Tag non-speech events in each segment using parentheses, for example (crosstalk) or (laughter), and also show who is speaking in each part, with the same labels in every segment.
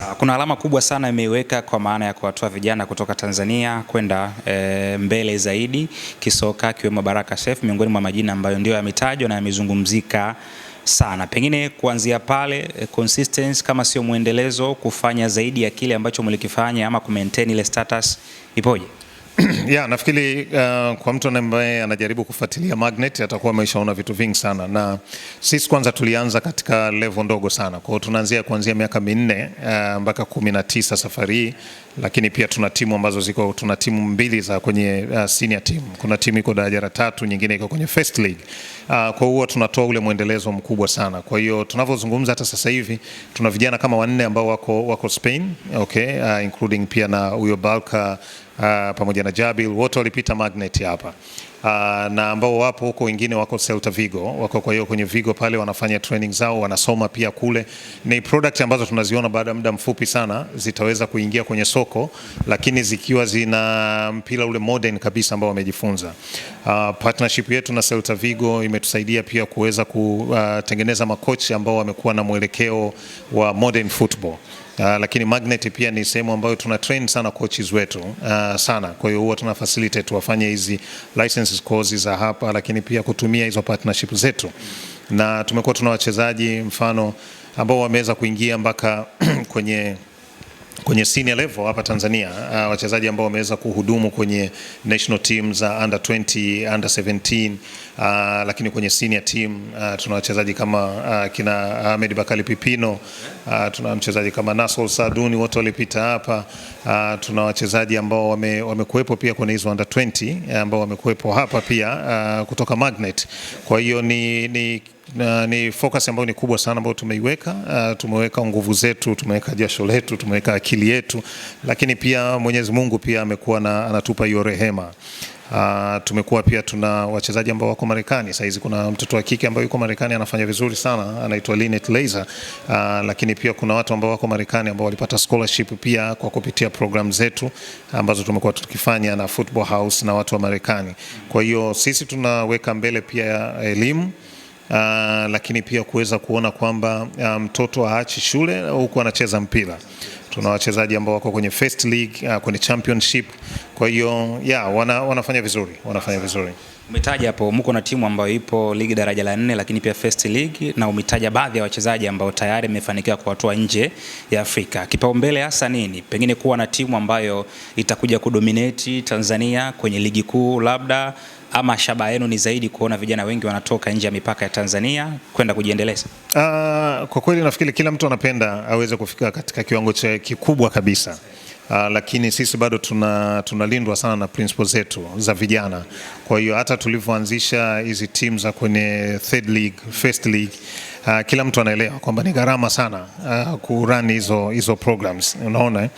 Speaker 1: Ah, kuna alama kubwa sana imeiweka kwa maana ya kuwatoa vijana kutoka Tanzania kwenda e, mbele zaidi kisoka, akiwemo Baraka Chef miongoni mwa majina ambayo ndio yametajwa na yamezungumzika sana. Pengine kuanzia pale eh, consistency kama sio mwendelezo, kufanya zaidi ya kile ambacho mlikifanya ama kumaintain ile status ipoje?
Speaker 2: (clears throat) Ya, nafikiri uh, kwa mtu ambaye anajaribu kufuatilia magnet atakuwa ameshaona vitu vingi sana, na sisi kwanza tulianza katika level ndogo sana. Kwa hiyo tunaanzia kuanzia miaka minne uh, mpaka kumi na tisa safari hii lakini pia tuna timu ambazo ziko, tuna timu mbili za kwenye uh, senior team. Kuna timu iko daraja la tatu, nyingine iko kwenye first league uh, kwa hiyo tunatoa ule mwendelezo mkubwa sana. Kwa hiyo tunavyozungumza hata sasa hivi tuna vijana kama wanne ambao wako, wako Spain okay, uh, including pia na huyo Balka uh, pamoja na Jabil wote walipita magnet hapa. Ah, na ambao wapo huko, wengine wako Celta Vigo, wako kwa hiyo kwenye Vigo pale wanafanya training zao, wanasoma pia kule. Ni product ambazo tunaziona baada ya muda mfupi sana zitaweza kuingia kwenye soko, lakini zikiwa zina mpira ule modern kabisa ambao wamejifunza. Uh, partnership yetu na Celta Vigo imetusaidia pia kuweza kutengeneza makochi ambao wamekuwa na mwelekeo wa modern football. Uh, lakini magnet pia ni sehemu ambayo tuna train sana coaches wetu uh, sana. Kwa hiyo huwa tuna facilitate wafanye hizi licenses courses za hapa, lakini pia kutumia hizo partnership zetu, na tumekuwa tuna wachezaji mfano ambao wameweza kuingia mpaka (clears throat) kwenye kwenye senior level hapa Tanzania uh, wachezaji ambao wameweza kuhudumu kwenye national team za uh, under 20, under 17 uh, lakini kwenye senior team uh, tuna wachezaji kama uh, kina Ahmed Bakali Pipino uh, tuna mchezaji kama Nasol Saduni wote walipita hapa uh, tuna wachezaji ambao wame, wamekuwepo pia kwenye hizo under 20 ambao wamekuwepo hapa pia uh, kutoka Magnet. Kwa hiyo ni, ni na ni focus ambayo ni kubwa sana ambayo tumeiweka. Uh, tumeweka nguvu zetu, tumeweka jasho letu, tumeweka akili yetu, lakini pia Mwenyezi Mungu pia amekuwa na anatupa hiyo rehema. Uh, tumekuwa pia tuna wachezaji ambao wako Marekani sasa hizi. Kuna mtoto wa kike ambaye yuko Marekani anafanya vizuri sana, anaitwa Linet Laser. Uh, ah, lakini pia kuna watu ambao wako Marekani ambao walipata scholarship pia kwa kupitia program zetu ambazo tumekuwa tukifanya na Football House na watu wa Marekani. Kwa hiyo sisi tunaweka mbele pia elimu uh, lakini pia kuweza kuona kwamba ah, mtoto um, haachi shule huku anacheza mpira. Tuna wachezaji ambao wako kwenye first league, uh, kwenye championship. Kwa hiyo yeah, wana, wanafanya vizuri, wanafanya vizuri.
Speaker 1: Umetaja hapo mko na timu ambayo ipo ligi daraja la nne lakini pia first league, na umetaja baadhi ya wachezaji ambao tayari mmefanikiwa kuwatoa nje ya Afrika. Kipaumbele hasa nini? Pengine kuwa na timu ambayo itakuja kudominate Tanzania kwenye ligi kuu labda ama shabaha yenu ni zaidi kuona vijana wengi wanatoka nje ya mipaka ya Tanzania kwenda kujiendeleza?
Speaker 2: Uh, kwa kweli nafikiri kila mtu anapenda aweze kufika katika kiwango cha kikubwa kabisa Uh, lakini sisi bado tuna tunalindwa sana na principle zetu za vijana. Kwa hiyo hata tulivyoanzisha hizi teams za kwenye third league, first league uh, kila mtu anaelewa kwamba ni gharama sana uh, ah, run hizo hizo programs unaona, eh?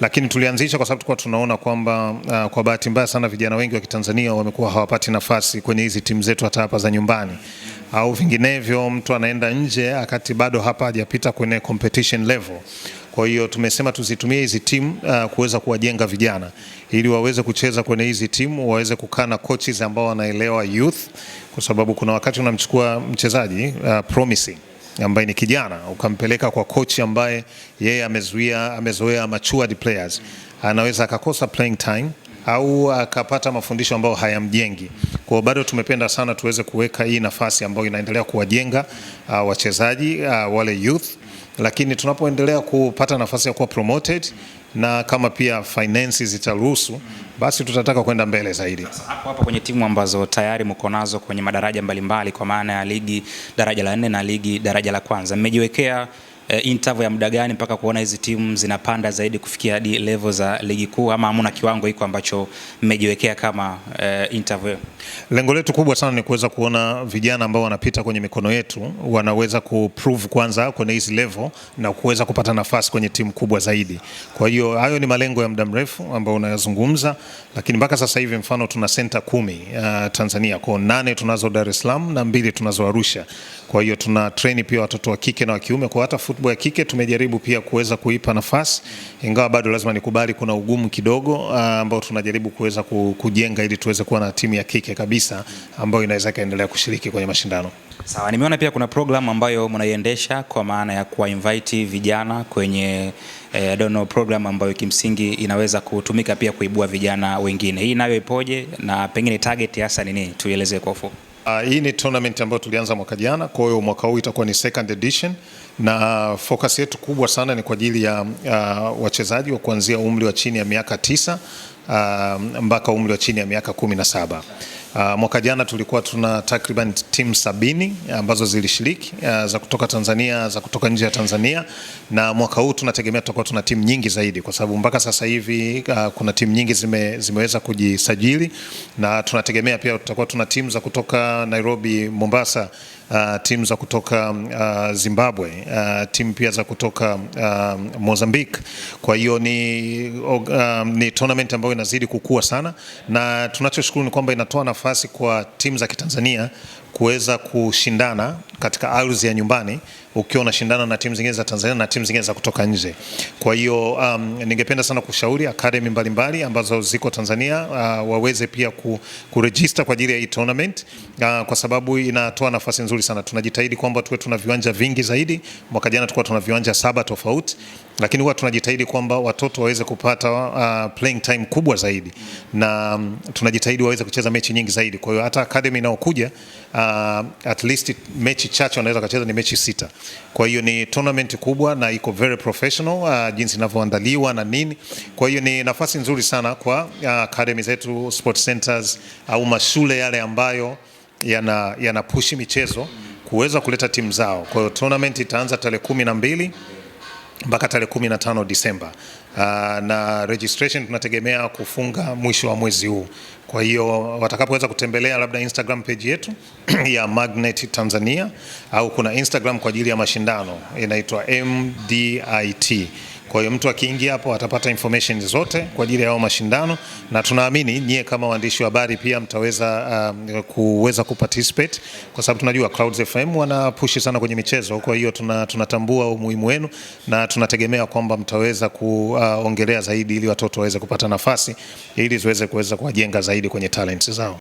Speaker 2: lakini tulianzisha kwa sababu tulikuwa tunaona kwamba uh, kwa bahati mbaya sana vijana wengi wa Kitanzania wamekuwa hawapati nafasi kwenye hizi timu zetu hata hapa za nyumbani au vinginevyo mtu anaenda nje akati bado hapa hajapita kwenye competition level. Kwa hiyo tumesema tuzitumie hizi timu uh, kuweza kuwajenga vijana ili waweze kucheza kwenye hizi timu, waweze kukaa na coaches ambao wanaelewa youth, kwa sababu kuna wakati unamchukua mchezaji uh, promising ambaye ni kijana ukampeleka kwa coach ambaye yeye amezuia amezoea matured players, anaweza akakosa playing time au akapata mafundisho ambayo hayamjengi. Kwa hiyo bado tumependa sana tuweze kuweka hii nafasi ambayo inaendelea kuwajenga uh, wachezaji uh, wale youth lakini tunapoendelea kupata nafasi ya kuwa promoted na kama pia finances zitaruhusu, basi tutataka kwenda mbele zaidi.
Speaker 1: Hapo hapo kwenye timu ambazo tayari mko nazo kwenye madaraja mbalimbali, kwa maana ya ligi daraja la nne na ligi daraja la kwanza, mmejiwekea eh, interval ya muda gani mpaka kuona hizi timu zinapanda zaidi kufikia hadi level za ligi kuu, ama hamuna kiwango hiko ambacho mmejiwekea kama eh, interval?
Speaker 2: Lengo letu kubwa sana ni kuweza kuona vijana ambao wanapita kwenye mikono yetu wanaweza kuprove kwanza kwenye hizi level na kuweza kupata nafasi kwenye timu kubwa zaidi. Kwa hiyo hayo ni malengo ya muda mrefu ambayo unayazungumza, lakini mpaka sasa hivi mfano tuna center kumi uh, Tanzania kwa nane tunazo Dar es Salaam na mbili tunazo Arusha. Kwa hiyo tuna train pia watoto wa kike na wa kiume kwa hata kubwa ya kike tumejaribu pia kuweza kuipa nafasi, ingawa bado lazima nikubali kuna ugumu kidogo uh, ambao tunajaribu kuweza kujenga ili tuweze kuwa na timu ya kike kabisa ambayo inaweza ikaendelea kushiriki kwenye mashindano.
Speaker 1: Sawa, nimeona pia kuna program ambayo mnaiendesha kwa maana ya invite vijana kwenye eh, I don't know program ambayo kimsingi inaweza kutumika pia kuibua vijana wengine. Hii nayo ipoje na pengine target hasa ni nini? Tuielezee kwa ufupi.
Speaker 2: Uh, hii ni tournament ambayo tulianza mwaka jana, kwa hiyo mwaka huu itakuwa ni second edition na focus yetu kubwa sana ni kwa ajili ya uh, wachezaji wa kuanzia umri wa chini ya miaka tisa uh, mpaka umri wa chini ya miaka kumi na saba. Uh, mwaka jana tulikuwa tuna takriban timu sabini ambazo zilishiriki uh, za kutoka Tanzania, za kutoka nje ya Tanzania, na mwaka huu tunategemea tutakuwa tuna timu nyingi zaidi, kwa sababu mpaka sasa hivi uh, kuna timu nyingi zime, zimeweza kujisajili, na tunategemea pia tutakuwa tuna timu za kutoka Nairobi, Mombasa uh, timu za kutoka uh, Zimbabwe uh, timu pia za kutoka uh, Mozambique. Kwa hiyo ni, uh, ni tournament ambayo inazidi kukua sana, na tunachoshukuru ni kwamba inatoa nafasi kwa timu za Kitanzania kuweza kushindana katika ardhi ya nyumbani ukiwa unashindana na timu zingine za Tanzania na timu zingine za kutoka nje. Kwa hiyo um, ningependa sana kushauri academy mbalimbali ambazo ziko Tanzania uh, waweze pia ku, kurejista kwa ajili ya hii tournament uh, kwa sababu inatoa nafasi nzuri sana. Tunajitahidi kwamba tuwe tuna viwanja vingi zaidi. Mwaka jana tulikuwa tuna viwanja saba tofauti, lakini huwa tunajitahidi kwamba watoto waweze kupata uh, playing time kubwa zaidi na um, tunajitahidi waweze kucheza mechi nyingi zaidi. Kwa hiyo hata academy inayokuja uh, at least mechi chache wanaweza kacheza ni mechi sita. Kwa hiyo ni tournament kubwa na iko very professional uh, jinsi inavyoandaliwa na nini. Kwa hiyo ni nafasi nzuri sana kwa uh, academy zetu sports centers au uh, mashule yale ambayo yana, yana pushi michezo kuweza kuleta timu zao. Kwa hiyo tournament itaanza tarehe kumi na mbili mpaka tarehe 15 Disemba. Ah, na registration tunategemea kufunga mwisho wa mwezi huu. Kwa hiyo watakapoweza kutembelea labda Instagram page yetu (clears throat) ya Magnet Tanzania au kuna Instagram kwa ajili ya mashindano inaitwa MDIT kwa hiyo mtu akiingia hapo atapata information zote kwa ajili ya hao mashindano, na tunaamini nyie kama waandishi wa habari pia mtaweza um, kuweza kuparticipate kwa sababu tunajua Clouds FM wana push sana kwenye michezo. Kwa hiyo tuna, tunatambua umuhimu wenu na tunategemea kwamba mtaweza kuongelea zaidi ili watoto waweze kupata nafasi ili ziweze kuweza kuwajenga zaidi kwenye talents zao.